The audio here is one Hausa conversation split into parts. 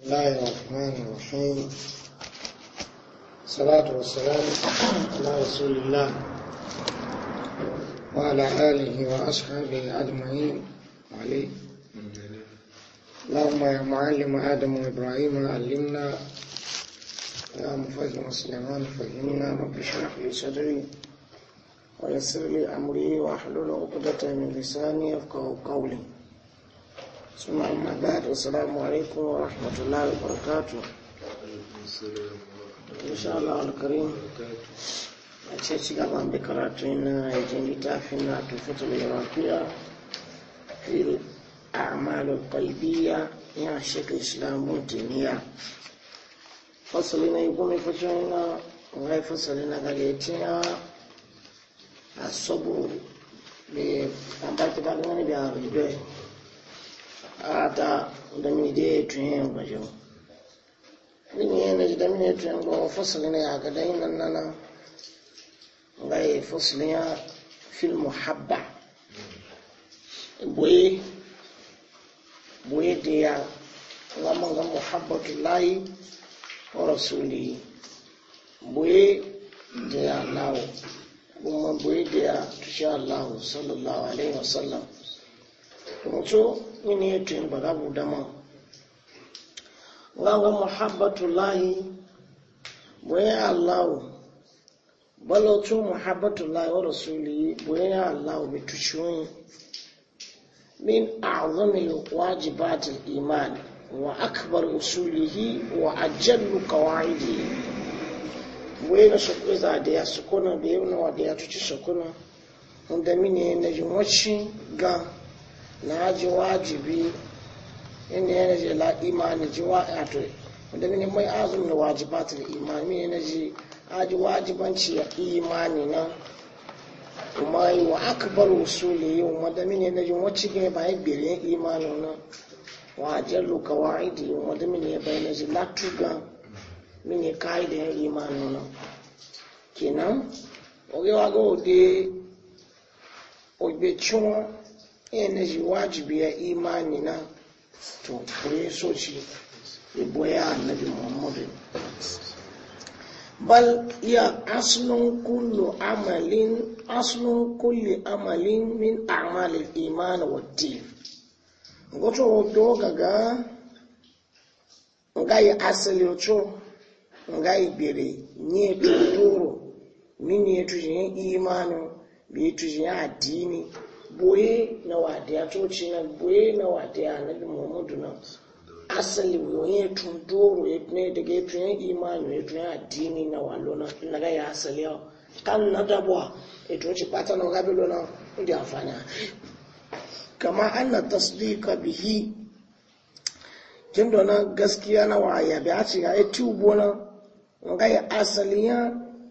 بسم الله الرحمن الرحيم الصلاة والسلام على رسول الله وعلى آله وأصحابه أجمعين علي اللهم يا معلم آدم وإبراهيم علمنا يا مفهم سليمان فهمنا رب اشرح لي صدري ويسر لي أمري واحلل عقدة من لساني يفقه قولي ثم أما بعد والسلام عليكم ورحمة الله وبركاته إن شاء الله الكريم أتشيك عن بكراتنا يجين تافنا تفوت العراقية في الأعمال القلبية يا شيخ الإسلام تيمية فصلنا يقوم فجرنا غير فصلنا غاليتنا الصبر بأنبات بعضنا بأرجبه ata dami de tuyen tun bajo ɗin yi na ji dami ne tuyen yin bawa fasali ne a ga dai nan nan gai fasali ya fil muhabba boye boye da ya lamar ga muhabbatu layi wa rasuli boye da ya lawo kuma boye da ya tushe allahu sallallahu alaihi wasallam mutu mini yetu mbala budama ngawa muhabbatullahi boye allahu balo tu muhabbatullahi wa rasuli boye allahu bituchuni min a'zami wajibat al-iman wa akbar usulihi wa ajallu qawaidihi boye na sokoza da ya sokona da yau na wa da ya tuci sokona wanda mini na yi wacin gan na ji wajibi inda yana je la imani ji wa ato wanda mini mai azum da wajibatul imani mini na ji aji wajibanci ya imani na kuma yi wa akbar usuli yi wa da mini na ji wacce ga ba ya bere imani na wa jallu kawaidi wa da mini ya bayyana ji latuga mini kaida ya imani na kenan ogewa ga ode ogbe ciwon ene ji wajibi ya imani na to kure sochi shi ibo ya annabi bal ya aslun kullu amalin aslun kulli amalin min a'malil iman wa din goto do gaga ngai asali ocho ngai bere nye tuturo mini yetu yin imani bi yetu yin adini boye na wadiya coci na boye na wadiya annabi muhammadu na asali wani ya tun doro ya ne daga ya tunai imanu ya tun addini na walo na naga ya asali yau kan na dabuwa ya tun ci pata na gabi lona ndi amfani kama anna tasdika bihi kin dona gaskiya na waya bi a ci ga ya tubo na nga ya asali ya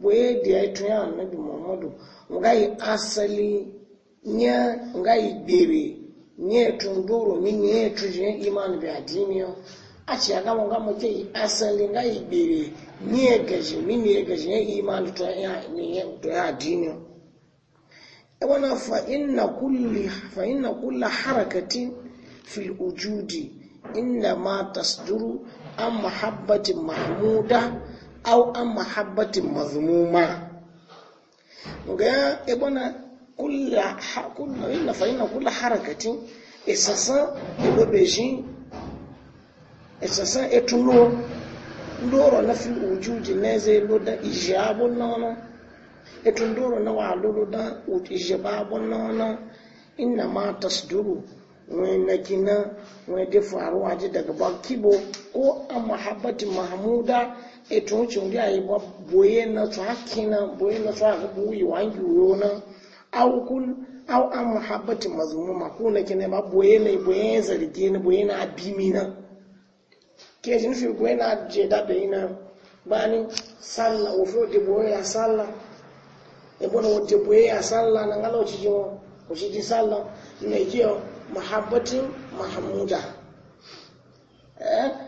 boye da ya tun muhammadu nga asali nya nga yi gbere nya tun doro ni nya tun iman bi adini yo a ci aga ke asali nga yi gbere nya gaji mi ne gaji iman to ya ni ya to ya adini yo e wana fa inna kulli fa inna kulla harakatin fil ujudi inna ma tasduru an mahabbatin mahmuda au an mahabbatin mazmuma ga ibana e kulla kulla inna fa inna kulla harakatin isasa ibobe shi isasa etulo e e ndoro na fi ujuji neze loda ijabo nono etun doro na wa loda ijabo nono inna ma tasduru wani na gina wani da faruwa ji daga bakibo ko a mahabbati mahmuda eto wuce wuri ayi ba boye na to hakina boye na to aka buyi wangi yona aw kul aw a mahabbati mazmuma ko na kine ba boye na boye zargi na boye na abimina ke jin fi boye na je da be ina bani salla o fo de boye ya salla e bona o de boye ya salla na ngalo ci jo o ci di salla ne kiyo mahabbatin mahmuda eh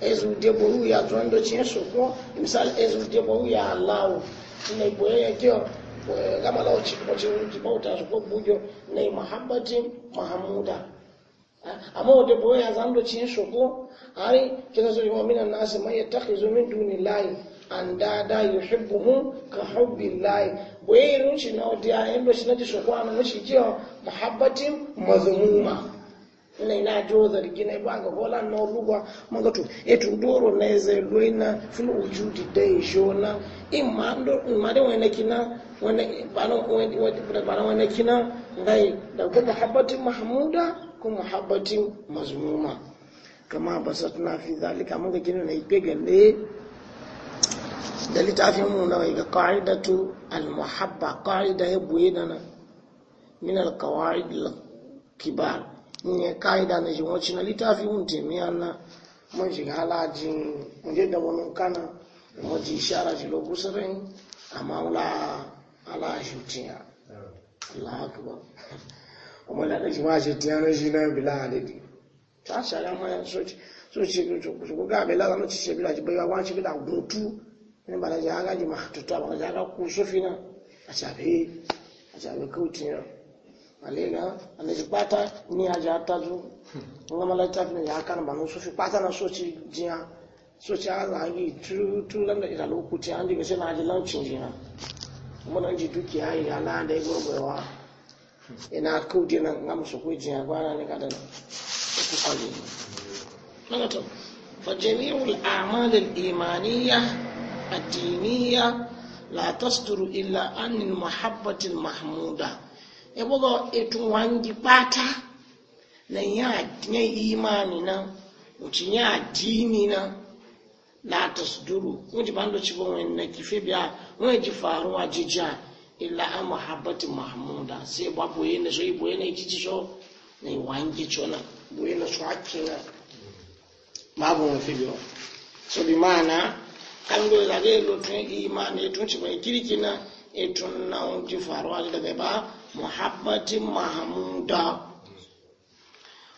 ezu deboru ya zondo cin su ko misal ezu deboru ya allah ne boye ya kyo gama lawo chi ko ci ci bauta su ko bujo ne mahabbati mahamuda amma de boye ya zondo cin su ko ari kina so mu minan nas man yattakhizu min dunillahi an dada yuhibbuhum ka hubbillahi boye chi na wanda ya endo shi na chi so ko an mushi jiyo mahabbati mazmuma na ina jo zargi na ba ga gola na lugwa mun ga eh, to doro na zai loyi na fulu wujudi dai jo na in ma do in ma da wani kina wani banan wani banan wani kina ngai da kuma muhabbatin mahmuda kuma muhabbatin mazmuma kama basatna fi zalika mun ga kina na ipe gande da littafin mu na ga qa'idatu al muhabba qa'ida ya buye na min al qawaid al kibar ne ka'ida na shi wacce na littafi mun taimiyya na mun shiga halajin wajen da wani kana shara shi lo amma wula ala shutiya Allah akbar kuma da kashi ma shutiya na shi na bila adadi ta shara ma ya soci soci su bila zama ci ce bila bai wa shi gutu ne ba da ji ji ma tuta ba da ji ku sofi a shafi a shafi malega ane ji pata ni aji ataju nga mala tafi ne ya kan banu su fi pata na so ci jiya so ci ala yi tu tu lan da ira lokuti an diga sai na aji launcin jiya kuma nan ji duki ya yi ala da ya gurgurwa ina kudi na nga musu ku jiya gwana ne ka da ku kwali daga to fa jami'ul a'mal al imaniya ad-diniyya la tasduru illa an muhabbatin mahmuda ebogo etu ndị bata na ya nye imani na uchi ya dini na la tasduru kunji bando chibo wen na kife bịa nwee ji faruwa jija a, an muhabbati Ma'amuda si ba boye na sai na ji sho na ịwa chona boye na swaki na babu mu fibiyo so bi mana na na muhabbatin mahamuda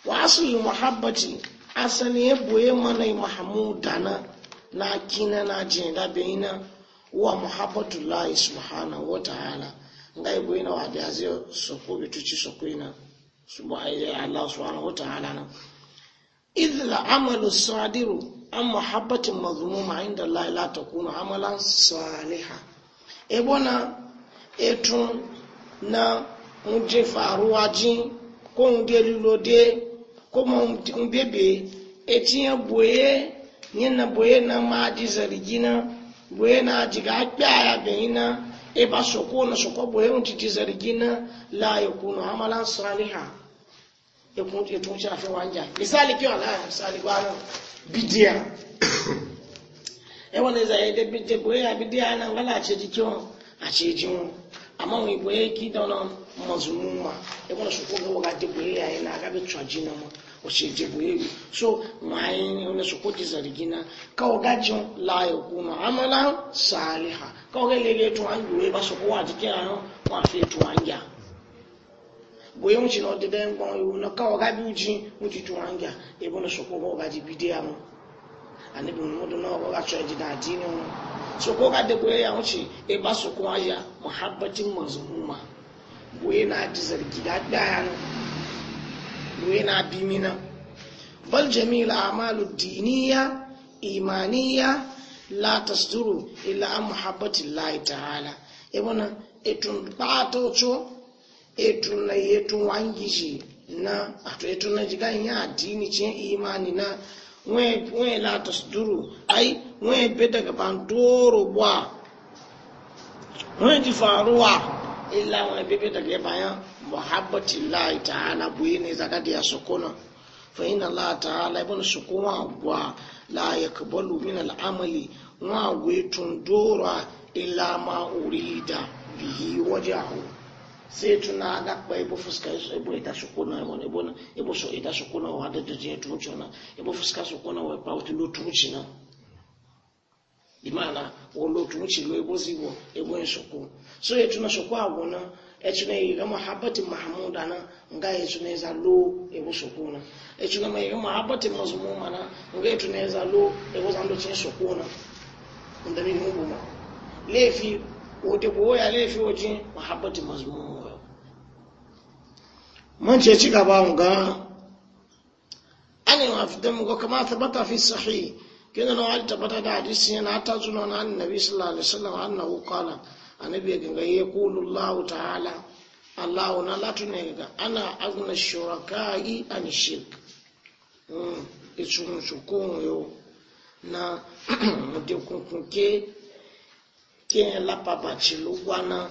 wa asali muhabbati asali ya boye mana mahamuda na na kina na jina na wa muhabbatu lahi subhanahu wa ta'ala ngai boye na wadi azio soko bituchi soko ina subhanahu allah subhanahu wata ta'ala na idh al amalu sadiru an muhabbatin mazmuma inda allah la takunu amalan salihan ebona etun na ń dín faruwa jín kó ń dé lílódé kó mọ na bòye na máa di na bòye na jìgá gbé àyà bẹ̀yìn na eba soko na titi na la èkó na amala ń sara níhà misali kí wọn láyà misali gbá bidia ẹ wọn lè zàyẹ dé bidia bòye àbídíà náà wọn lè amma wai boye ki da wani mazumuma ya wani su koga anyị na gabe cuwaji na ma wace bụ boye bi so mayan wani su koji gị na kawo gajin layo kuma amala saliha kawo ga lele ba a wa fi to an ya boye na wadda dayan kwan yiwu na kawo gabi wuce ya ya waga annabi mudu nawa ba ga cewa ji da addini wani so ko ga da ya wuce e ba su kuma ya muhabbatin mazmuma goye na ji zargi da ya nan goye na bi mina bal jamil amalu diniya imaniya la tasduru illa an muhabbatillahi ta'ala e wannan etun bato cho etun na yetun wangiji na ato etun na jigan ya addini cin imani na wen la tasduru ai wen be daga ban doro bwa wen ji faruwa illa wen be be daga bayan muhabbati llahi ta'ala buyi ne zakati ya sukuna fa inna allah ta'ala ibn sukuma bwa la yakbalu min al'amali wa wetun dora illa ma urida bihi wajahu sai tuna ga kwa ibo fuska ibo ita shukuna wani ibo ibo so ita shukuna wa da jiji tuci na ibo fuska shukuna wa pa uti lo tuci na imana wo lo tuci lo ibo zibo ibo shoku so ya tuna shoku agona ya tuna yi ga mahabbati mahmuda na nga ya tuna za lo ebo shukuna ya tuna mai ga mahabbati mazmuma na nga ya tuna za lo ibo zando cin shukuna ndani mu ma lefi wote boya lefi wajin mahabbati mazmuma من شيء شيء كبار أنا ما في دم كما ثبت في الصحيح كنا نوال ثبت هذا حديث حتى سنن عن النبي صلى الله عليه وسلم أنه قال النبي كان يقول الله تعالى الله لا تنهيك أنا أغنى الشركاء عن الشرك إتشون شكون يو نا na mutum كي ke lafa bacci lugwana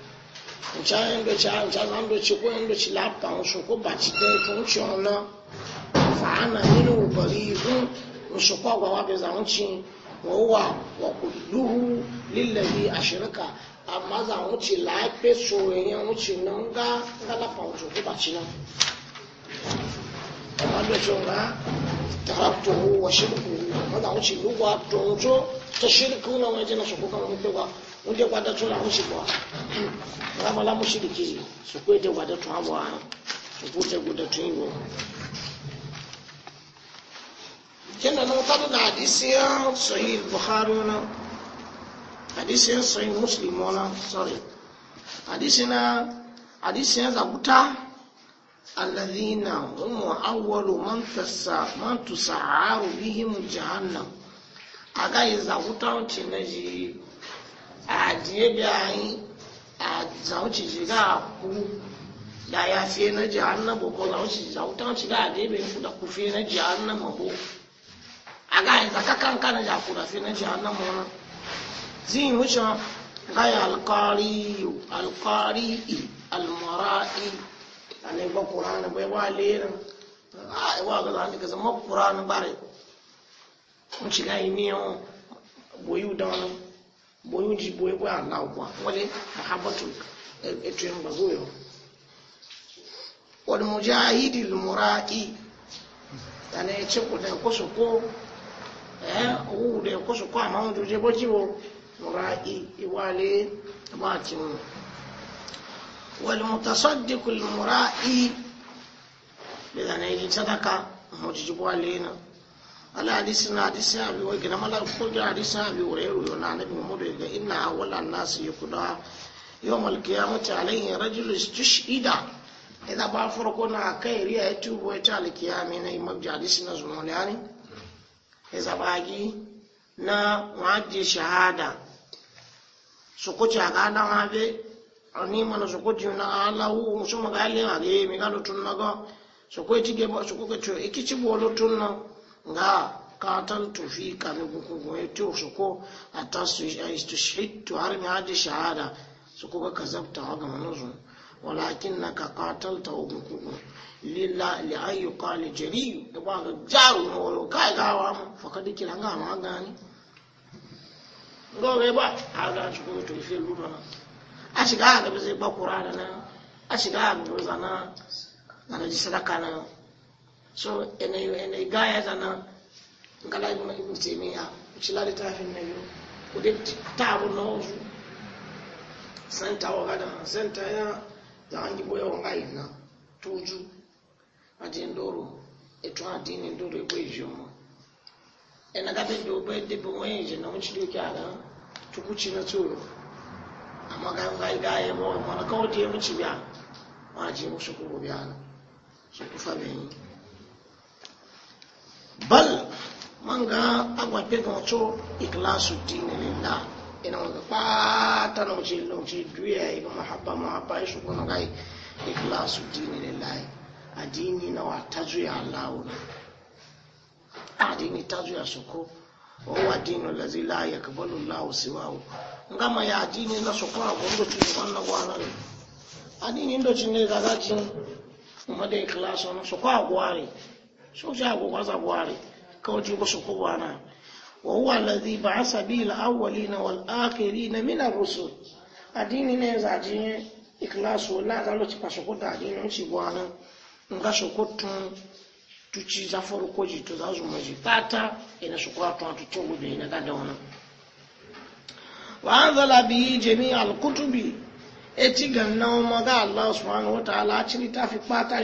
nchaghị ndochi ahụ nchaza ndochi kwe ndochi lapta nsokwu gbachite nke nchi ọna faa na mmiri wụbara ihu nsokwu agwawa bịaza nchi wụwa wakuluhu lilehi ashirika amaza nchi laipe soro ihe nchi na nga ngalapa nsokwu gbachina ọmadochi nga taraktuhu wa shirkuhu amaza nchi lugwa tonto ta shirkuhu na wajen nsokwu kan wani pegwa wunde kwada tula mushikwa ngama la mushiriki sukwete kwada twabwa sukute kuda twingo kenda na utatu na hadisi ya e sahih bukhari na hadisi ya sahih muslim na sorry hadisi na hadisi ya zabuta alladhina hum awwalu man tasa man tusaharu bihim jahannam aga izabuta e cinaji àdìyẹ bí àyín àzàwọn ṣìṣe káà kú yàyà na jihannan boko zàwọn ṣìṣe àwọn a ṣìṣe àdìyẹ bí fúnà kú fiye na jihannan mọ̀bọ àga ìzàkà kankan na jàkúrà fiye na jihannan mọ̀ náà zin wucin gaya alkari alkari almara'i a ne ba kurani bai ba lerin a wa ga zan zama kurani bare yi miyan boyu da boyu e, e, ji boye boye Allah kwa wale mahabbatu etu yin bazuyo wal mujahidi al muraqi tana ya ce ku da kusa ko eh u da kusa ko amma mun je boji wo muraqi iwale ma ci mu wal mutasaddiq al muraqi bi da ne sadaka mu ji wale na ala hadisi na hadisi ya biyo gina mala ko ga hadisi ya biyo re ruyo na nabi muhammadu ga inna awwala nasi yukuda ya qiyamati alayhi rajulun ida. idan ba farko na kai riya ya tubo ya ta alkiyami na yi imam hadisi na zumuni yani idan ba gi na waje shahada su kuce a gadan habe ni mana su kuce na alahu musu magalin a ga mi ga tun na ga su kuce ga su kuce ikici bolo tun na nga katan tufi kare gugugun goye to su ko a ta su shahidtu har mi haji shahada su kuka ka zabta wa gama nazu walakin na ka katan ta go lilla li ayu qali jariyu da ba ga jaru na wani kai gawa mu fa ka dikira ga ma gani gobe ba a ga shi ko tufi lura a shiga ga zai ba da na a shiga ga zana na ji sadaka na so yanayi gaya zana gala ibn ibn taymiya ci la littafin na yau ku dai tabu na wasu santa wa gada santa ya za an gibo yawan ayin na tuju a jin doro eto addinin doro ya bai jiyo mu ina gabe da obai da bin wayan jina wuce doki a nan tukuci na tsoro amma ga yi gaya ya mawa kawai da ya muci biya ma je musu kuro biya na su kufa bayan bal man ga agwafe kan to iklasu dini lillah ina wanda fata na wuce lauci duya yi ga mahabba mahabba ya shugo na gai iklasu dini lillahi addini na wa ta zuya allahu addini ta zuya soko wa dinu lazi la yakbalu allahu siwahu ngama ya addini na soko a gondo ci ban na gwana ne addini ndo ci ne ga gajin kuma iklasu na soko a gware soja agogon zabuware kawai ba su kowa na wa huwa alladhi ba'asa bil awwalina wal na min ar-rusul adini ne zaji ikhlasu la zalo ci paso ko dadi non ci buana nga so ko tun tuci za ko ji za su ma ji ina so ko atun atu chogo be ina gada ona wa anzala bi jami' al-kutubi eti ganna ma ga Allah subhanahu wa ta'ala ci ta fi pata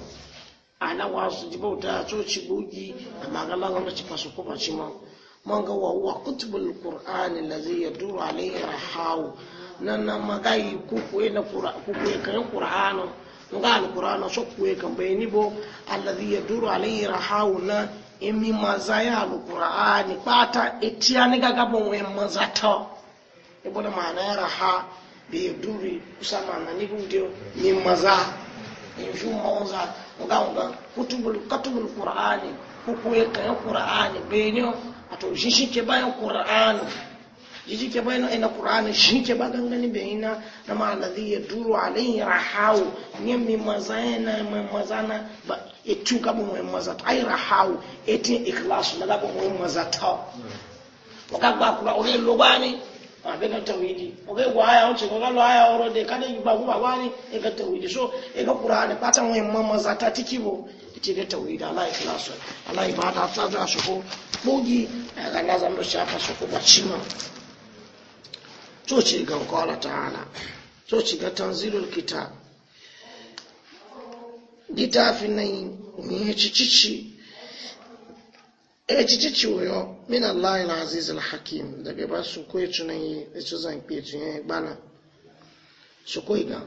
ana wasu ji bauta so ci gogi amma magalan wanda ci fasu kuma ci ma man ga wawa kutubul qur'ani lazi yaduru alayhi rahawu nan nan magayi ku na ku koyi kan qur'ani nga alqur'ani so koyi kan bayani bo allazi yaduru alayhi rahawu na emi mazaya qurani pata etiyani gaga bon we mazato ibona maana raha bi yaduri kusa na nigu ndio ni mazaa enjumonza ngaunga katubul qur'ani kukuweka ya qur'ani benyo ato jishike bayo qur'ani jijike bayo ena qur'ani shike bagangani beina na ma alladhi yaduru alayhi rahau nyemi mazana mazana ba etuka bo mazata ay rahau eti ikhlas na labo mazata hmm. wakagwa kula ole lobani abe ka tawhidi oge gwa aya once ko galo aya oro de kada yuba gwa wani e ka tawhidi so e ka qur'ani patan wa mamma ta tikibo ti ga tawhidi ala ikhlasu ala ibada ta za su bugi? ga na zan do shafa su ba bacima to ci ga qala ta'ala to ci ga tanzilul kitab ditafin nan ne ci ci echichi chiwuyo minallahi alaziz alhakim daga ba e, su ko yacu nan yi yacu zan peci ya gbana su ko ga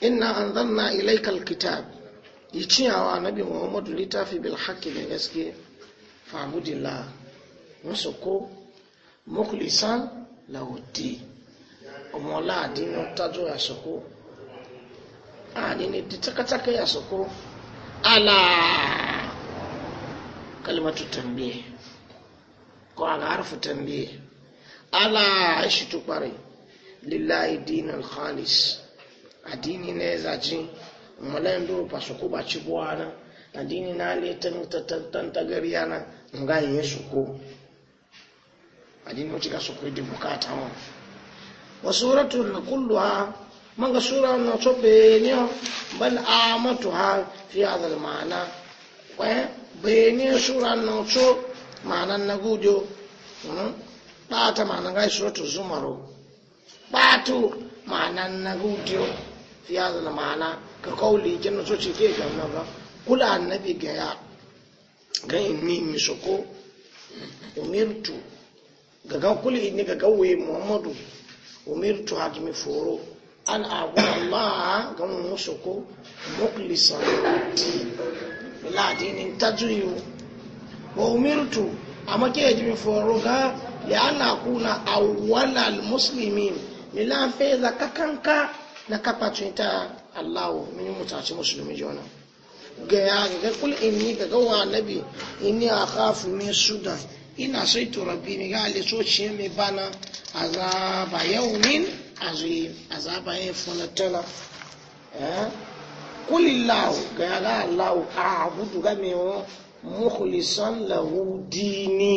inna anzalna ilayka alkitab ciyawa nabi muhammadu littafi bil haqqi da gaske fa'budillah musu ko mukulisan lahu omola adinu tajo ya su soko adini di takataka ya su soko alaa kalmatu tambiye ko a ga harfi tambiye ala shi tukpare lillahi al khalis addini ne zaci malayin duru fasu ku ci buwa na. addini na letan tattattan tagariya nan nga yi su ko addini wuce ka su ku di bukata wa wa suratun na man manga sura na tobe ne bal amatu ha fi hadal ma'ana bayani sura nan so ma'anan na gudu ɓata ma'anan gai suratu zumaro ɓato ma'anan na gudu ya zana ma'ana ka kawuli jinna so ce ke gamna ba kula annabi ga ya ga inni misoko umirtu ga gan kuli inni ga gawaye muhammadu umirtu hakimi foro an abu allah ga mu musoko muklisan ti la addinin tajwiyu wa umirtu amma ke ji foro ga li ana kuna awwalal muslimin mi la fe za na kapa cinta Allahu min mutaci musulmi jona ga ya ga kul inni ga ga wa nabi inni akhafu min sudan ina sai to rabbi mi ga le so ci mi bana azaba yawmin azim azaba yafunatana eh kulilawo gẹ̀yàrá aláwo àbúdù gámi wọn mọ́kùlìsán làwọ́ dini.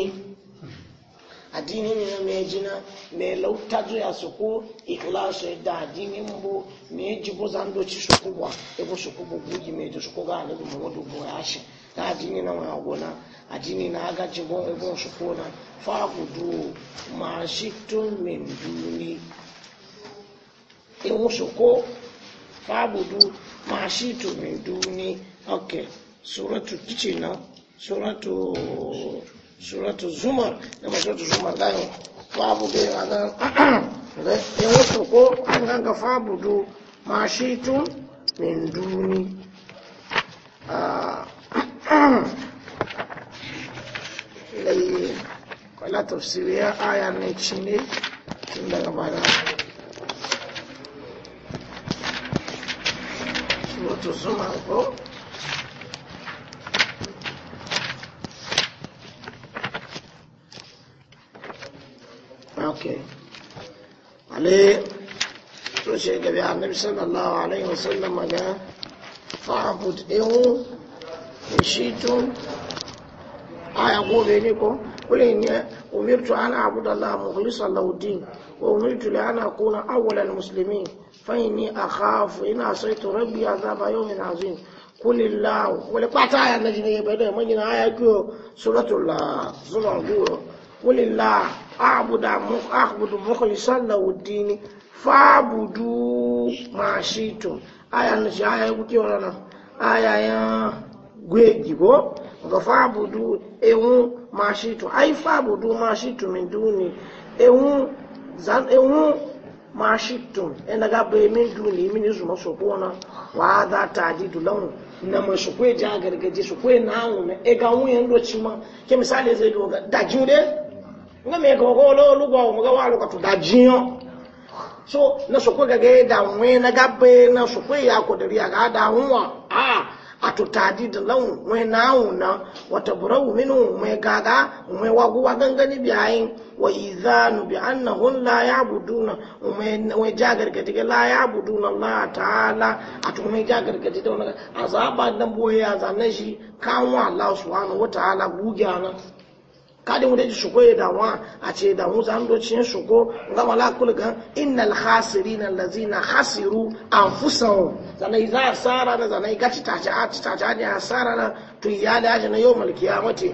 A ni na mẹ́jìnà mẹ́lọ tájú àsòkó ìkìláṣọ ẹ̀dá àdíní ń bó méjì bó záńdó tí sòkó wà ebó sòkó gbogbo yìí méjì sòkó gá àlébù mọ́wọ́dọ̀ bó ẹ̀ àṣẹ tá àdíní náà wọn àgọ́ na àdíní náà ágájì bọ́ suku na. Fa fáàbùdù màá sí tó mẹ́ndú ní suku fa fáàbùdù ma shitu min okay suratu kichina suratu suratu zumar na masuratu suratu zumar da ne babu bai a nan in ko an fabu fabudu ma shitu min duni ah. lai kwallon tafsiriyar aya ne ci ne tun daga bada suratu zumar ko ok ale to shi gabi annabi sallallahu alaihi wasallam ga fa'bud ihu shitun aya gobe ne ko kule ne umirtu ana abudallahi mukhlishan lahu din wa umirtu li ana akuna awwalal muslimin fẹ́yìn àkáàfù iná àṣẹ ìtò rẹ́bí azábáyọ̀ ìrìn àzín kú ní láàwù kú ní pátá àyà náà jìnnà ìbẹ̀rẹ̀ mọ́ jìnnà àyà ikú ọ sọlọ́tò là zọlọ́ gbúrọ̀ kú ní là àbùdà àbùdù mọ́kànlélá ìsàlàwò dín ní fáàbùdù máa ṣe ìtò àyà náà nga fáàbùdù ehun máa ṣe ìtò àyè fáàbùdù máa ṣe ìtò mi dún ma shittum ina e ga bai min duni min su ọnụ kona wa za ta dulan na mai su kwe ja gargaje na hanu na e ga wuyan doci ma ke misali zai do ga da jude nga me ko ko lo lu so na su kwe ga e e ga da na ga na su kwe ya ko ga da a ah, ato tadid lawu mwe nawu na wataburau minu mwe gaga mai waguwa gangani biyayin wa izanu bi annahum la ya'buduna mwe mwe jagar ga la ya'buduna Allah ta'ala ato mwe jagar da wannan azaba dan boye azanan shi wa Allah subhanahu wa ta'ala gugana kadin wanda ji shugo ya damuwa a ce damu za mu doci yin shugo ga mala kul ga innal khasirin allazina khasiru anfusahum zanai za sara na zanai gaci tace a tace ne asara na to ya dace na yau kiyamati mace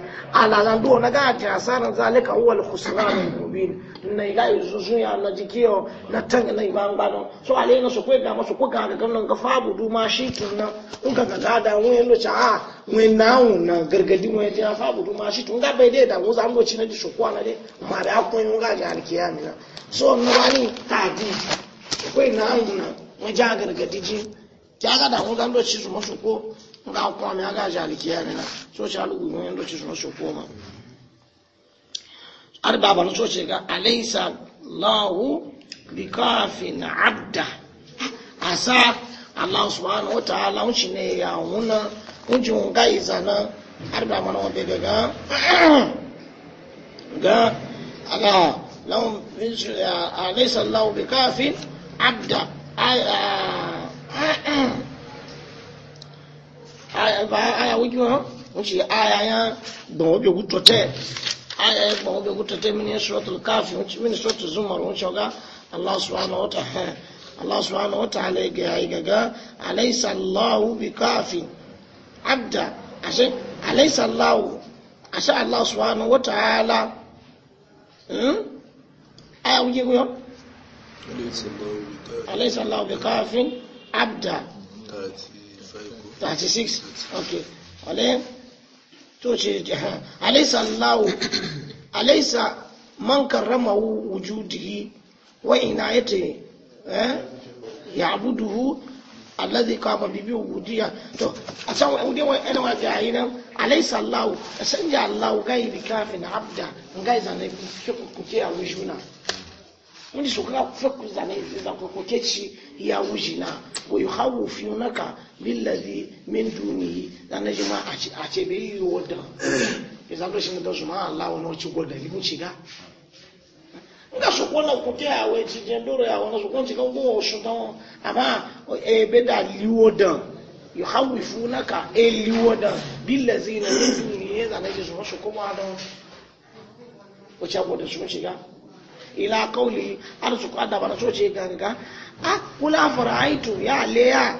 zan do na ga ta asaran zalika huwa al khusran mubin na ga yuzu sun ya na jikiyo na tanga na iban bano so alai na su ko ga masu ko ga ga nan ga fabu du ma shi tun in ka ga da wani yin lo a mu nawo na gargadi mu ya fabu du ma shi tun ga bai dai da mu zan do ci na ji su ko na dai ma da ko yin ga ga al kiyamina so na wani tadi ko na na mu ja gargadi ji ya ga da mu zan do su masu ku. nga kwami aga jaliki ya nina so ci alugu ne ndo ci suna so koma ar baba no so ci ga alaysa lahu bikafin abda asa allah subhanahu wa ta'ala un ci ne ya wuna un ji un ga izana ar baba no be ga ga aga lahum alaysa lahu bikafin abda aya wujo ha wuce aya ya don wabe gutote aya ya don wabe gutote mini suratul kafi wuce mini suratul zumar wuce ga Allah subhanahu wa ta'ala Allah subhanahu wa ta'ala ga yayi gaga alaysa Allahu bi kafi abda ashe alaysa Allahu ashe Allah subhanahu wa ta'ala hmm aya wuce ko alaysa Allahu bi kafi abda 36 okay wale to ce alaysa allah alaysa man karrama wujudihi wa inayati eh ya'buduhu alladhi to a san wani wani wani wa yi nan alaysa allah san ja allah gairi kafin abda ngai zanabi ku ke a wujuna wani su kuka fakku zane zanko ko ke ci ya wuji na wa yi hawo fi naka billazi min duniyi zane ji ma a ce bai yi wadda ya zanto shi da su ma Allah wani wacce gwada limin shiga nga su kona ko ke a wai ci jen doro ya wani su kona ci kan kowa su don amma ebe eh, da liwo dan yi hawo fi naka e eh, liwo dan billazi na min duniyi eh, zane ji su ma su kuma don wacce gwada su shiga ila kauli har su kwada bana so ce ganga a kula fara'aitu ya leya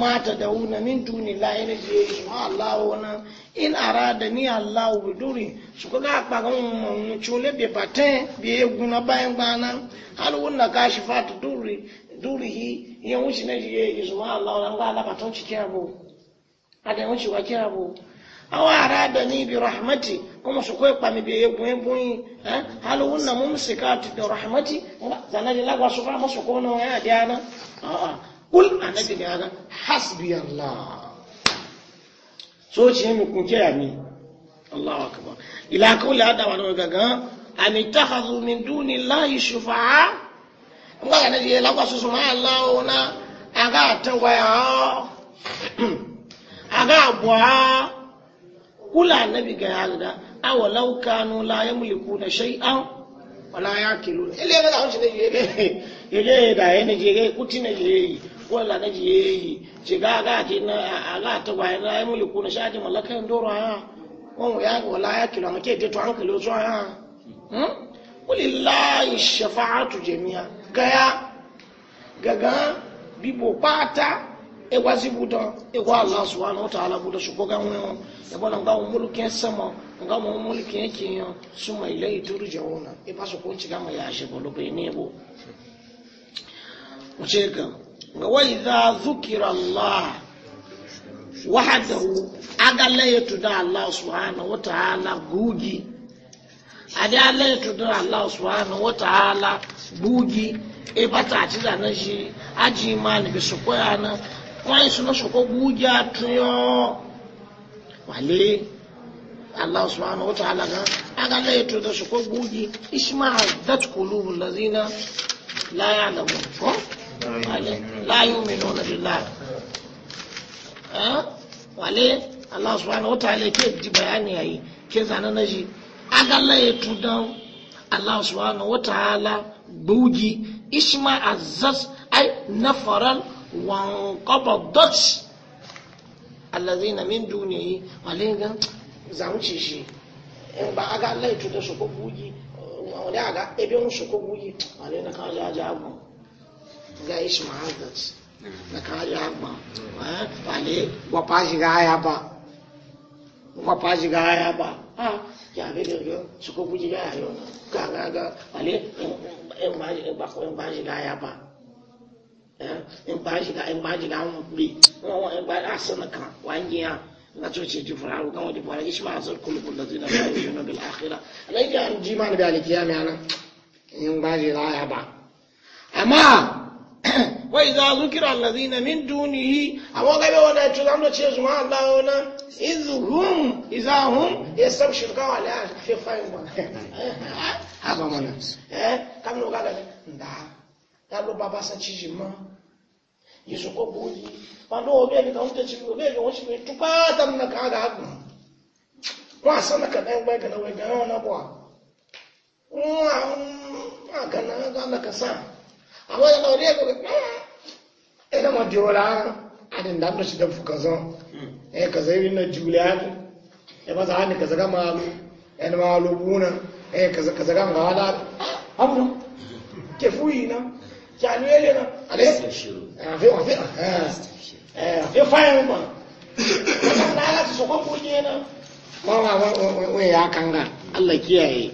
mata da wuna min duni la yana je shi ma Allah wana in arada ni Allah duri su kaga ba ga mun chule be patin be guna bayan bana har wunna kashi fatu duri duri hi ya wuce na je shi ma Allah wana ga Allah batun cikin abu a wuce wa kira awa arada ni bi rahmati kuma su koyi kwa bi ye gun bun ha halu wunna mun ka ti da rahmati zana di lagwa su fama su kona wa ya diana a'a kul anabi ana hasbi allah so ci mu kun ke ya mi allah akbar ila kawli hada wani gaga am ittakhadhu min duni llahi shufa'a nga kana di lagwa su su ma allah ona aga tangwa ya aga bwa kula annabi ga ya alga awalau kanu la yamlikuna shay'an wala yaqilun ele ga da hunshi ne yele yele da yana je ga kuti ne yele ko la ne yele je ga ga ki na ala ta ya la yamlikuna shay'an malakan doro ha won ya wala yaqilun ma ke de to hankali o so ha hmm walillahi shafa'atu jami'a gaya gaga bibo pata ewa zibuta ewa Allah subhanahu wa ta'ala buda su ga mulkin sama ga mu mulkin yake yo su mai lai turjauna e ba su ga ya shi bo ga wa zukira Allah wahdahu agalla da Allah subhanahu wa ta'ala gugi da Allah subhanahu wa ta'ala gugi e ci da shi aji ma bi su koya kwai su na soko guja tuyo wale Allah subhanahu wa ta'ala ga aga la yato da soko guji isma dat qulubul ladina la ya'lamun ko la yu'minuna billah eh wale Allah subhanahu wa ta'ala ke ji bayani yayi ke zana na shi aga la yato da Allah subhanahu wa ta'ala guji isma azzas ai nafaral وانقبضت الذين من دونه ولكن زامشي شي in ba aga Allah cuta su ko buji wani aga ebe su ko buji wale na kaji aji agba ga ishi ma'azat na kaji agba wale wapa ga aya ba wapa ga aya ba ha ya da yo su ko aya ba ẹgbà jìgá ẹgbà jìgá wọn gbé wọn wọn ẹgbà asana kan wọn yẹ ya nga tó ṣe ju fara àwọn kan wọn ti fara yìí máa sọrọ kólókó lọsí náà báyìí yóò nàbẹ àkírà aláìsí à ń jí máa níbi àlèkíyà mi àná ẹgbà a yà bá. àmà wọ́n ìdá azúkìrà àlàzí iná mi ń dùn nìyí àwọn gábẹ́ wọn náà tún láńdọ̀ ṣe sùn àlá wọn náà ìzùhùn ìzàhùn ìsọ̀m ṣùgbọ́n a láàrin àfẹ́fà ìmọ̀ galo baba sa chiji ma yesu ko buji pando obele ka unte chibi obele wonshi be tupata mna kaga hapo kwa sana ka dai wega kana wega ona kwa mwa kana kana kasa awa ya ore ko ina ma diola adin da shi da fukazo eh kaza yin na juliya e ba za ni kaza ga e na e e ma lubuna e, e kaza kaza ga ngala amma que na não, que ale ave ave eh ave fayo ma na ala su ko kunye na wa wa wa ya kanga Allah kiyaye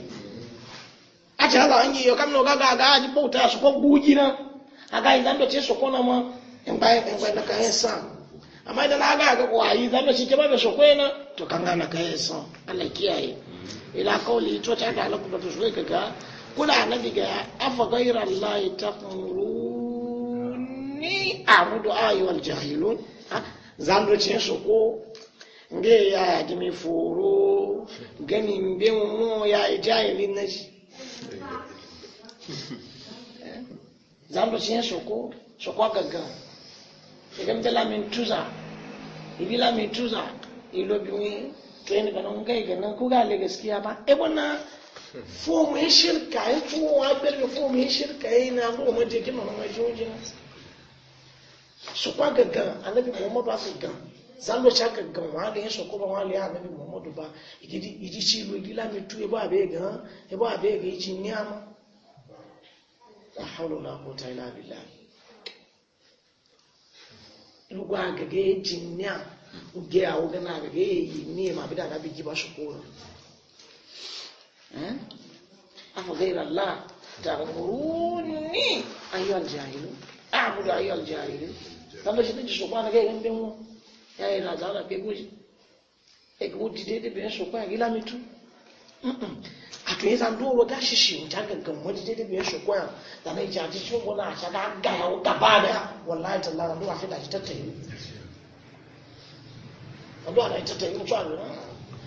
a ci haka an yi yau kamar ga ga ga ji bauta su ko buji na a ga idan da ce su ko na ma in bayan in bayan da kayan sa amma idan aga ga kwayi zan da shi ke ba da su na to kanga na kayan sa Allah kiyaye ila kauli to ta ga Allah ku da su ka kula na diga afa gairar layi ta ni a mudu ayyuwar jahilun zando cin su ko nge ya ji mi foro ganin bin mu ya yi jahilin na shi zando cin su ko su kwa gaggan idan ta lamin tuza ibi lamin tuza ilo biyu to yi ganin kai ganin kuga le gaskiya ba ebo na fomu ya shirka ya tsowa bello fomu ya shirka ya yi na ruwa maje gina na majiyoyi na su kwa gaggan annabi muhammadu ba su gan zalo cha gaggan wale ya so kuma wale ya annabi muhammadu ba igidi iji ci lo igila mi tu ebo abe gan ebo abe ga iji nyama la hawla wala quwwata illa billah lugu agage jinya uge awo gana agage yi ni ma bi da da bi ji ba su ko Hmm? afa gaira Allah ta'muruni ayyuhal jahilu a'budu ayyuhal jahilu dan da shi take so kwana gaira bin mu yayi na zara pe guji e guji dai dai bin so kwana gila mitu a to yasa ndoro ta shishi ta gaggan wani dai dai bin so kwana da nan jaji shi mu ta ga a na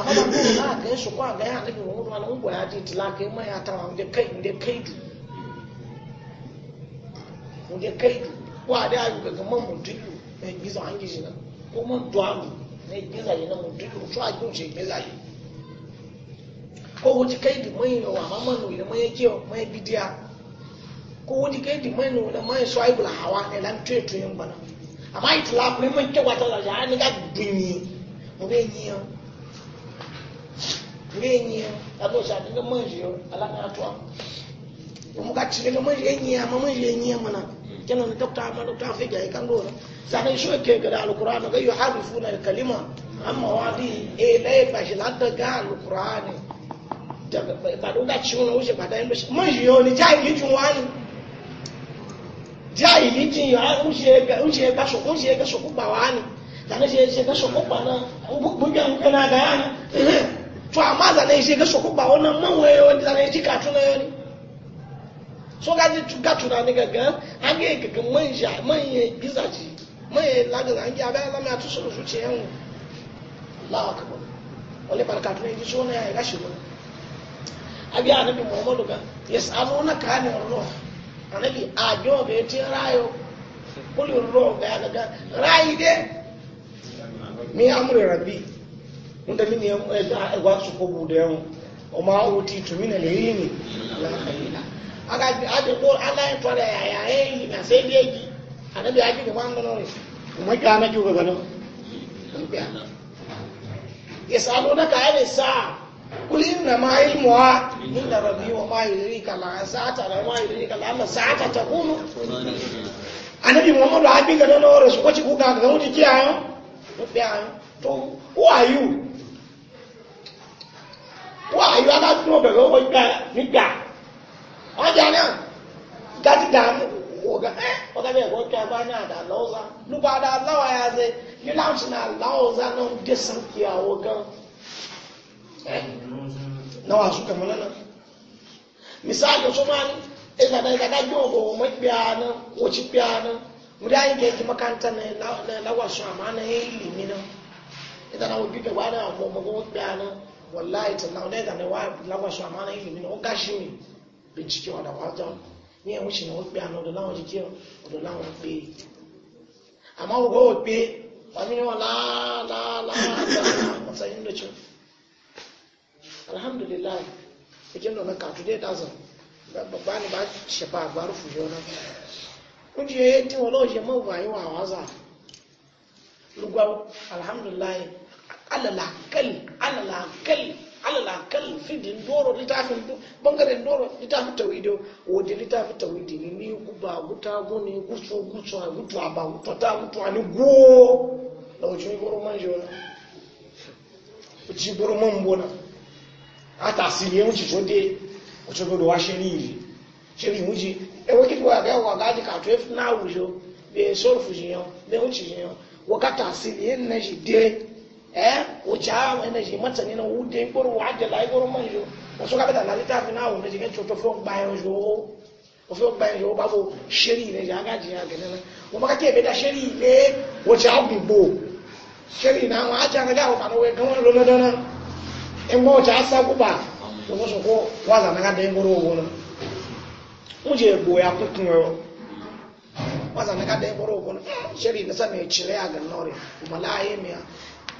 amma da kuma za a kai kwa ga ya nabi wani wani ya ji tilaka yi maya ta wanda kai inda kai du inda kai du da yi ga na gizo an gizi na ko man duwalu na giza yi na mutuyu a kyauce giza yi ko wuce kai du mai da mai yake mai bidiya ko wuce kai du mai mai hawa ne lan tuye tuyen bana amma man ya ni ngenyi ato shati ga manji yo ala na to mu ka ma manji ngenyi mana kenan dokta ma dokta fi ga kan do sanan ke ga alqur'ani ga yuharifuna alkalima amma wadi e dai ba shi ladda ga alqur'ani ba do ga ci wona wuce ba dai manji yo ni jahili jun wani jahili jin yo an shi ga an ga so ko ga so ku ba wani sanan shi ga so ku na bu ga kana ga to amma zane shi ga soko ba wannan man waye ka tuna so ga ji ga an ga gaga man ya gizaji man ya an ga ba Allah ma tusu su ce yan Allah akbar wale barka so na ya ga shi ko abi annabi Muhammadu ga yasaluna ka ne ruh a jo ga yace rayo ọrụ ga mi wanda mini ya eh, eh, su ko bude yau o ma le yini la khalila aga bi ade ko ala ya ya e na bi ana bi aji ko ka na ju ko gano sa kul inna ma ilmuha inda rabbi wa ma la sa'ata la ma la sa'ata takunu anabi muhammadu ga ga to who are you wọ́n àyọ́ alásùn ọ̀bẹ̀ lọ́wọ́ nígbà wọ́n jà náà gàtí dààmú ọ̀gá ẹ́ ọ̀gá bẹ́ẹ̀ wọ́n kí a bá ní àdá lọ́wọ́sá nípa àdá láwà ya ṣe ní láǹṣì náà láwọ́sá náà ń dé sànkì gan náà wà sùn náà misali àná àná kí náà náà wallahi na wadai da nawa lagwashi amana ilimin o gashi mi bincike wa da kwata ni ẹ̀hún ṣe o pé àná ọ̀dọ̀ láwọn jíkí ọ̀dọ̀ láwọn pé àmọ́ ọgbọ́ ò pé famílì alhamdulilayi ni Lugwa alala kal alala kal alala kal fi din doro litafin bangaren doro litafin tawidiyo. wode litafin tawhidi ni ni guba guta guni, gusu gusu gutu ba, gutu ta gutu ni go da wuce goro manjo wuce goro man bona ata si ni wuce jode wuce goro wa sheri sheri wuce e wuce wa ga wa ga ka to na wujo be sorfu yau, bai wuce yau. wakata si ni en na jide eh ahụ e ji shi matsani na wa ajiyar lai gboro man jo ka bata n'ahụ fi na wuna jikin cuta fi ofe jo ofi bayan jo shiri ji aga jiya na kuma bo na wa na gawa kanu wai gawar lona dana in ba wuce asa guba waza na gada na gada na sa ya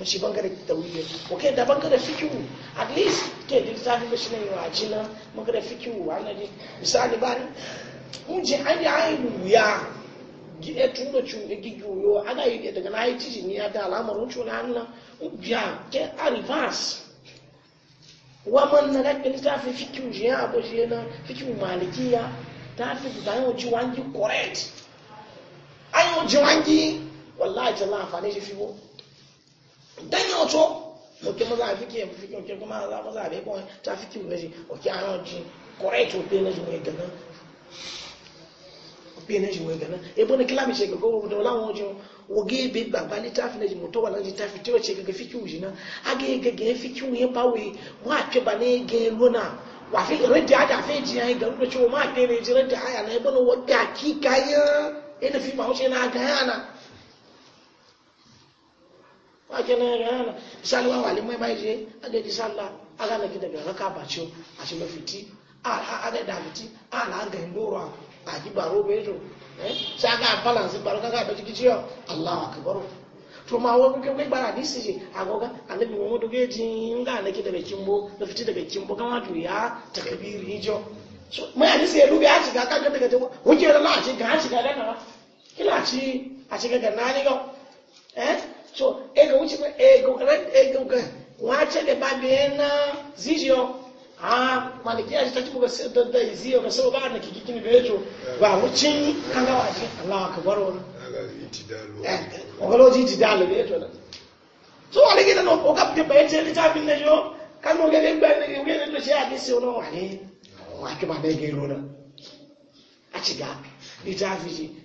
na shi bangaren tauhidi ok da bangaren fikihu at least ke da littafin da shi ne a jina bangaren fikihu a nan misali bari mun je an yi ainihin ya gida tun da cun da gigi yo ana yi daga na yi jiji ni ya da alamar cun na hannun biya ke a reverse wa man na ga littafin fikihu shi ya abu shi na fikihu malikiya ta fi da yau ji wangi correct an yau ji wangi wallahi ta lafa ne shi fi danya ọtọ òkè mọ́sá àfikì ẹ̀fíkì òkè kọ́ máa lámọ́sá àbẹ́kọ́ tráfíkì òmẹ́sì òkè o jí kọ́rẹ́tì òpé ẹnẹ́jì wọ́n ẹ̀gànná òpé ẹnẹ́jì wọ́n ẹ̀gànná ebó ní kílámì ṣe gẹ́gọ́ wọ́n wọ́n láwọn ọjọ́ wọ́gé ebe gbàgbá ní tráfì nẹ́jì mọ́ tọ́wà láti tráfì tí ó ṣe gẹ́gẹ́ fíkì òjì náà agẹ́gẹ́gẹ́ fíkì òun yẹn báwẹ̀ wọ́n àtẹ́bà ní gẹ́ lónà wàfi rẹ́dì àjà fẹ́ fi wake ah, na yana misali wa walimai mai e e je aga di sala aga na kida ga ka bacho a shi mafiti a aga da fiti a na aga ndoro a ji e baro beto eh sai aga balance baro ka ka baji kiciyo Allahu akbar to ma wo ke ke bara ni agoga annabi mu na kida be na fiti da be kimbo ya takabiri jo so mai hadisi ya a shiga daga hujjar Allah a shiga a shiga da kila ci a shiga so ega wuce ba ega ran ega ga wace da ba be na a maliki ta tuka da da zijo ga so ba eh, na kiki kini be ba wuce kan ga wace wa eh ogolo ji ti dalo be to so wale ke no o ka te ba ete ta bin na jo kan mo ne ga ne to se ade se ono ba a ci ga ni ta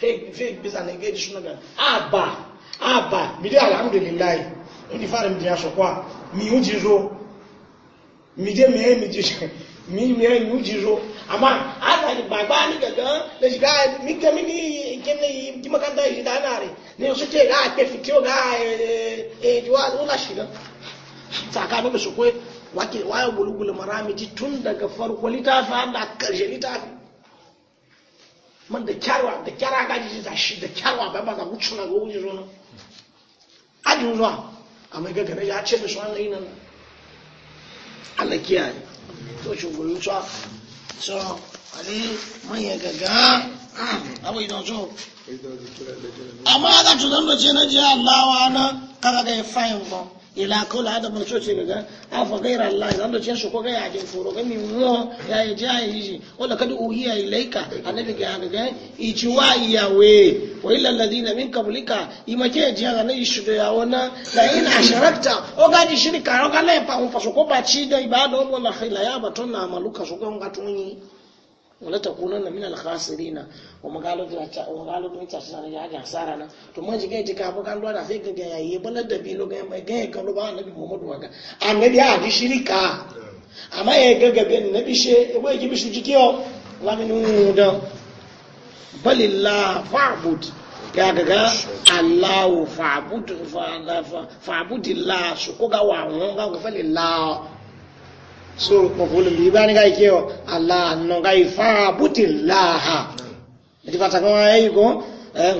fake bisa na gaidi suna ga aba aba mi dai alhamdulillah in di fara mi dia so kwa mi uji zo mi dai me mi ji mi me mi uji zo amma ala ni baba ni gaga da shiga mi ka ni kin ne ki makanta shi da na re ne so ce ga ke fitio ga e duwa ula shiga tsakanin da su koi wake waye gulugul marami tun daga farko litafi har da karshe litafi man da kyarwa da kyara gaji ji zashi da kyarwa ba ba za mu cuna ga wuji zo nan ajin zuwa amma ga gane ya ce da su an yi nan Allah kiyaye to shi goyi tsa so ali man ya gaga abu idan amma da tudan da ce na ji Allah na kaga da ya e fayin ba ila kawla hada ban so ce ga a fa gaira Allah zan da cin su ko ga ya jin furo ga mi mo ya yi ja yi wala kad uhiya ilaika annabi ga ga ga ichi wa ya we wa illa alladhina min qablika imake ji ga na ishu da ya wana la in asharakta o ga di shirka o ga le pa un fa ko ba ci da ibada wala khila ya batun na maluka so ga tuni. wala ta kunan na minal khasirina wa magalo da ta wa magalo ta sana ya ga sara na to man jiga jiga ba kan da sai ga ya yi balar da bilo ga mai ga kan ba bi muhammadu waga annabi a di shirika amma ya ga ga bin nabi she ba ki bi shi jikiyo la min da balillah fa'bud ya ga ga allah fa'bud fa'budillah su ga wa ga falillah so mafulu bi bani ga ikeo allah no ga ifa butillaha ndi kata kwa yayi eh,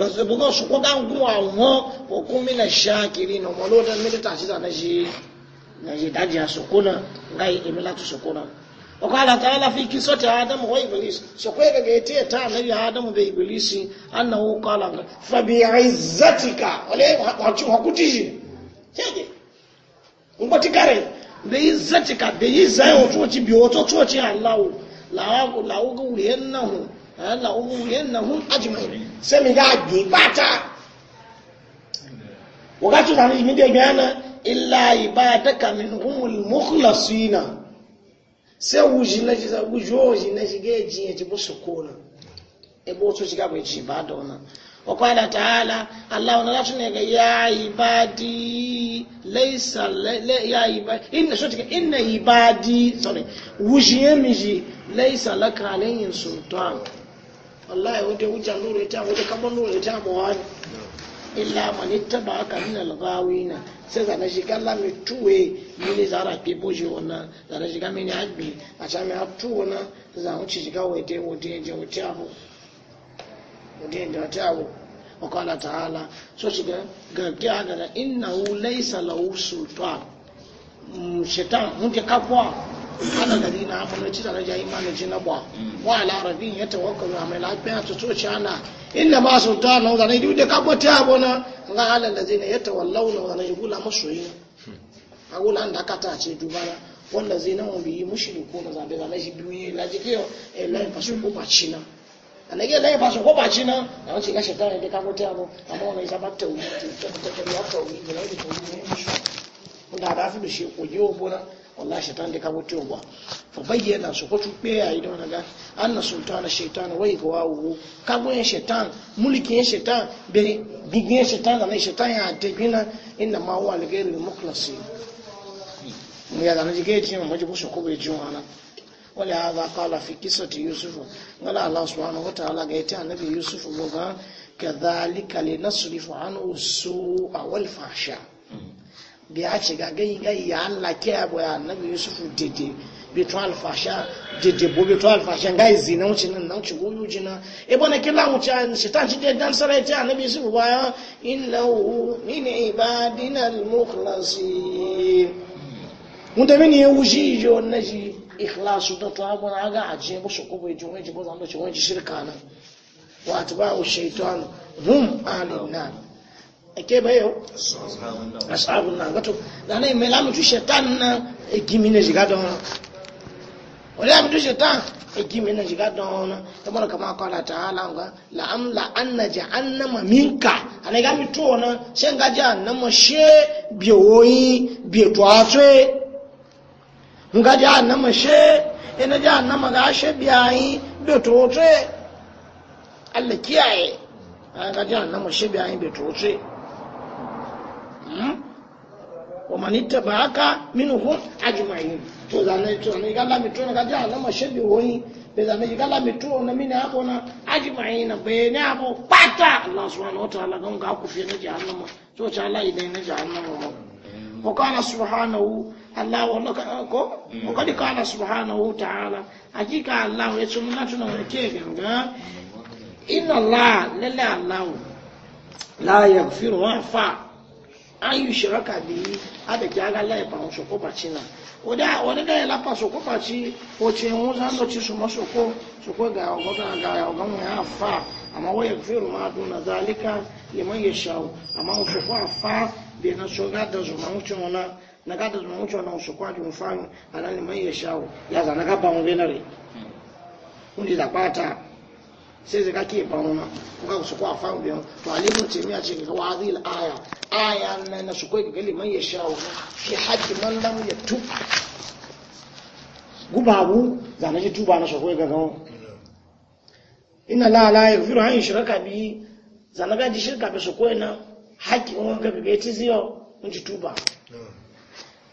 ko bugo su ko kan kuma ho ko kumi na shakiri no molota mi ta shi na shi na shi daji sukuna ga imila tu sukuna wa qala ta'ala fi kisati adam wa iblis so ko ga gete ta nabi adam da iblis annahu qala fa bi izzatika wale hakutiji kege ngoti kare da yi zatika da yi zayen otoci biyu otoci allahu la'ugu wuyen nahu eh, la'ugu wuyen nahu ajimai sai mi ga gbin bata wakati na ni da gana illa ibadaka min humul mukhlasina sai wuji na ji wuji na ji e e ga ji ya ji bu sukuna ebo otoci ga bai ji ba da wannan wakwala taala alahu nana tun ne ka yaayi baadi leisa le yaayi ba in na sotika in na yi baadi sori wusi ye mi si leisa la kaale yin sun to a walaayi o de wujan ta o de kama lori ta mo wani illa ma ka ni na laba na se ka na ni zara pi bo na zara si ka mi a gbi a ca mi tu o na zan ka wete o de je o mutende watawo wakala taala so shiga gaggya da innahu laysa lahu sultan mm, shetan mke kapwa ana gari na amana ci da jayi mana ci bwa wala ala rabbin wako na la pia tutu chana inna ma sultanu da ne dude kapwa ta bona nga ala lazina yatawallawna wa najula masoyina agula ndakata ce dubana wanda zai nan wani yi mushi da kona zabe zane shi biyu yi lajikiyar airline fasu ko ba china anage lai fasu ko baci Na da wancin ga shaitan ne da ka mutu abu amma wannan ya ba ta wuce ta ta ta ya ta wuce da ta wuce ne shi mun da rafi da shi ko je wa bona wallahi shaitan da ka mutu ba fa bayyana su ko tuɓe yayi da wannan ga anna sultana shaitan wai ga wawo ka goyen muliki mulkin shaitan bi bigin shaitan da mai shaitan ya ta gina inna ma huwa al-ghayr al-mukhlasin mu ya da na jike ji mu ji ko ko bai ji wannan ولهذا قال في قصة يوسف قال الله سبحانه وتعالى قيت النبي يوسف لغا كذلك لنصرف عنه السوء والفحشاء بيعتش غاي غاي الله كيابو يا النبي يوسف ديدي bitu alfasha jejebo bitu alfasha nga izi na wuce nan nan e cigo yuji na ebo na kila wuce shitan shi dan sarai ta annabi yusuf baya innahu min ibadina mun na ji ikhlasu da tsamun aga ajiye musu kuma ji wani jibin zan dace wani shirka nan wata ba a shaitan hum alin nan ake bai yau ashabun nan gato da na mai lamitu shaitan na egimi na shiga don wani wani lamitu shaitan e gimi na shiga don wani ta mara kama kwada ta hala ga la'am la'an na ji an nama minka a na gami to wani shan gaji a nama she biyoyi biyo tuwa tsoye nga jahannama she ina jahannama ga she biyayi betoce Allah kiyaye ga jahannama she hmm? wa man ittaba'aka minhum ajma'in to to ne ga she bi woni be zane na ajma'in be ne pata Allah subhanahu wa ta'ala ga ku fi na jahannama to ta Allah idan na jahannama Allah wala ko ko kadi kala subhanahu ta'ala hakika Allah ya tsumu na tuna wake ganga inna Allah lalla Allah la yaghfiru wa fa an yushraka bihi ada ki aga Allah ya fa so ko baci na oda oda da ya lafa so ko baci ko ce mu zan do su ma so ko so ko ga ga ga ga mu ya fa amma wa yaghfiru ma duna zalika liman yashau amma so ko fa bi na so ga da zuma mu ci mu na na kada tunamucho na usukwaji mfano anani maiye shao yaza nakapa mwenare undi zapata sisi kaki paona kuka usukwa famu bio twalimu timia chini kwa hadhil aya aya na nasukwe kile maiye shao fi hati haji man lam yatub gubabu zanaji tuba na shokwe gaga ina la la yaghfiru an shiraka bi zanaga jishirka besokwe na haki wonga bigeti zio unjituba mm.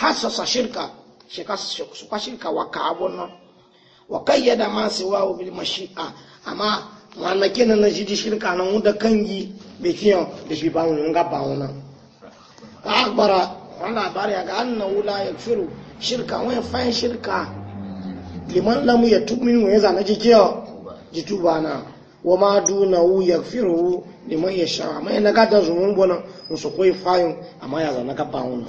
hasasa shirka su kwa shirka wa kaabon nan wa kayyada ma siwa wa bil mashi'a amma mwanake na na jidi shirka nan wanda kangi be kiyo da shi bawo nga bawo nan ka akbara wani labari ga wula ya firu shirka wani fayin shirka liman lamu ya tumin wani zana jikiyo ba na wa ma duna wu ya firu liman ya sha amma ya na gada zumun bonan musu koyi fayin amma ya zana ka bawo nan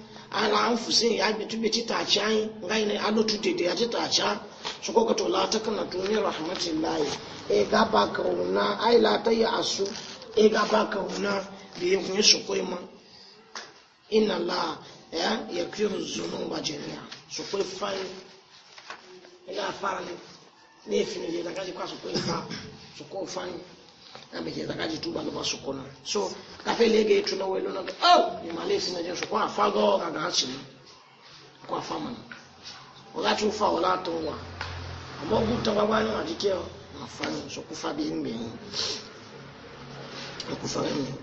ala anfusin ya bitu biti ta ci ayin ngai ne alo tu de ya ci ta ci su ko kato la ta kana tuni rahmatillahi e ga ba ka wuna ai la ta ya asu e ga ba ka wuna bi kun yi su koi ma inna la ya ya kiru zunuba jami'a su koi fai ila fara ne ne fi ne da kaji kwa su koi fa su ko fai amecheza kaji tuba no masukona so kafelege tuna welo na oh ni malesi na jesu kwa fago kagachi kwa famana wakati ufa wala towa ambao guta kwa bwana atikia mafano so kufa bimbe kufa bimbe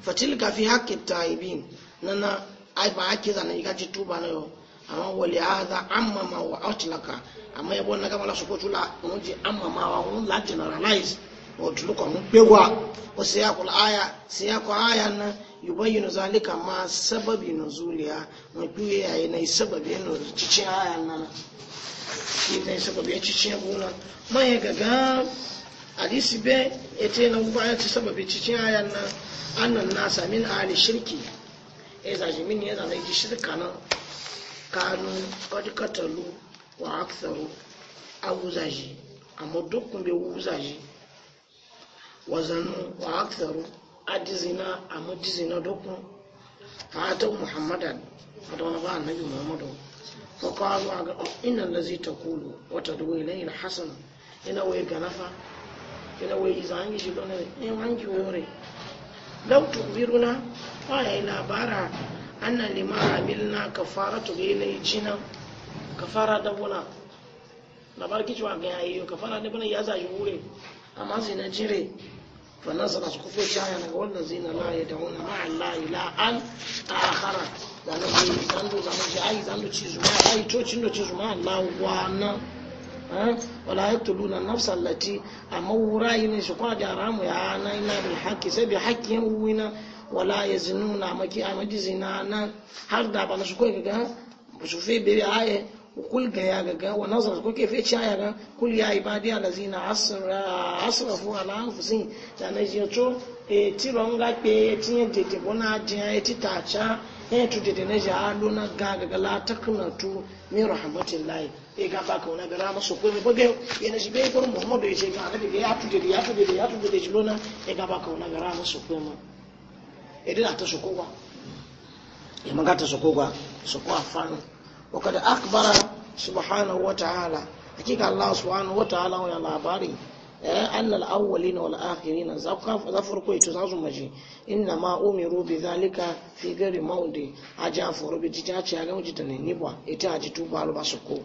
fatilka fi haqqi taibin nana ai ba haki zana igaji tuba nayo amma wali hadha amma ma wa atlaka amma yabona kama la sokotula unji amma ma wa un la generalize wato lukwa mun begwa wasu ya kula aya sai ya kwa aya nan yubayyinu zalika ma sababi nuzuliya mun duye yi na sababi no cicin aya nan shi ne sababi ya cicin gona man ya gaga alisi be ete na ba ya ci sababi cicin aya nan annan nasa min ali shirki e zaji min ya zana ji shirka na kanu qad katalu wa aktharu abuzaji amma dukkan bai wuzaji wazanu wa aksaru adizina amudizina dokun fatan muhammadan a wani ba annabi muhammadu fa qalu aga inna allazi taqulu wa tad'u ilayhi alhasan ina wai ganafa ina wai izangi shi bana ne wangi wore law tubiruna wa ya labara anna lima amilna kafaratu bi yi jina kafara da buna labar kici wa ga yayi kafara da buna ya zaji wure amma sai na jire fannasa da su kufe caya na wannan zina la ya da wani ma'an layi la an ta hara da na ce zando zama ce yi zando ce zuma ayi cocin da ci zuma la wana wala ya tulu na nafsa lati amma wura yi ne su kwa da ramu ya na ina bi haki sai bi haki yan wuina wala ya zinu na maki a maji zina nan har da ba na su kai ga su fi biri aye kul ga ya gaga wa nazar ko ke fe ya ga kul ya ibadi allazina asra asrafu ala anfusihim ta na je to e ti ron ga pe ti ye dede bona ti ye ti ta cha e tu dede ne ja alu na ga gaga la takna tu min rahmatillahi e ga ba ko na ga rama so ko me bage ye na jibe ko muhammadu ye ga na dede ya tu dede ya tu dede ya tu dede jilona e ga ba ko na ga rama so ko ma e dina ta so ko wa e magata so ko wa so ko afanu وقد kada سبحانه وتعالى wa الله سبحانه وتعالى subhanahu wa ta'ala wani labari أن الأولين والآخرين زفرقوا يتزازوا مجي إنما أمروا بذلك في غير موضع أجافروا بجتاتي أغام جتنين نبوا إتاجي توبالوا بسكو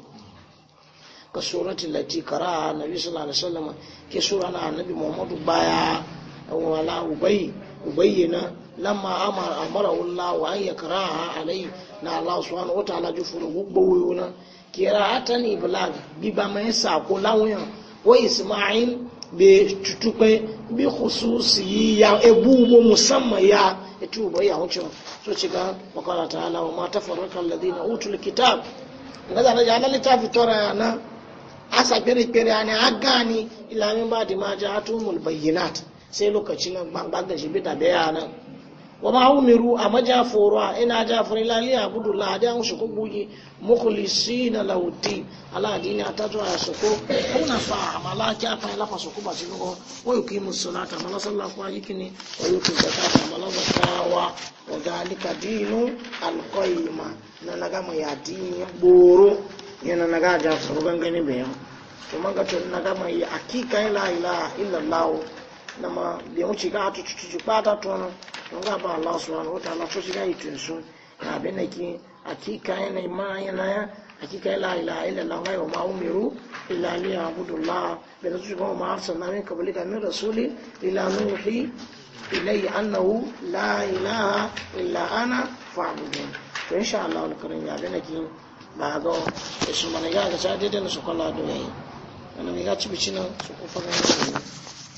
كسورة التي قرأها النبي صلى الله عليه وسلم كسورة النبي محمد بايا ولا أبي أبينا lamma amara amarahu Allah wa an yakraha alayhi na Allah subhanahu wa ta'ala ju furu gbogbo wo na qira'atan bi ba ma sa ko wa isma'il be tutupe bi khususi ya ebu bo musamma ya etu bo ya huncho so ci ga makala ta'ala wa ma tafarraka alladhina utul kitab ngaza na jana litafi tora na asa pere pere ani agani ila min ba di ma ja'atumul bayyinat sai lokacin ban ban da shi bi da bayanan wama umiru a majafuruwa ina jafuri lalai abudu lahadi an shi kogogi mukulisi na lauti aladi ne a tatuwa ya soko kuna fa amala kyafa ya lafa soko ba jino o yi kimu suna ta mana sallah kuma yi kini o yi kimu zaka ta mana zakawa o ga alika dinu alkoima na naga mai ya dini boro ya na naga jafuru gangane bayan kuma ga tun naga mai akika ila ila illallahu na ma lemu ci ga tu tu ba ta tono don ga ba Allah subhanahu wataala to ci ga itin sun na be na ki akika yana ma yana ya akika la ilaha illallah wa ma umiru illa liya'budullah be da su ga ma arsalna min qablika min rasulin illa nuhi ilayhi annahu la ilaha illa ana fa'budun to insha Allah alkarim ya be na ki ba ga e su mana ga ga sa daidai na su kula da yayi wannan ga ci bicin su ko fagan shi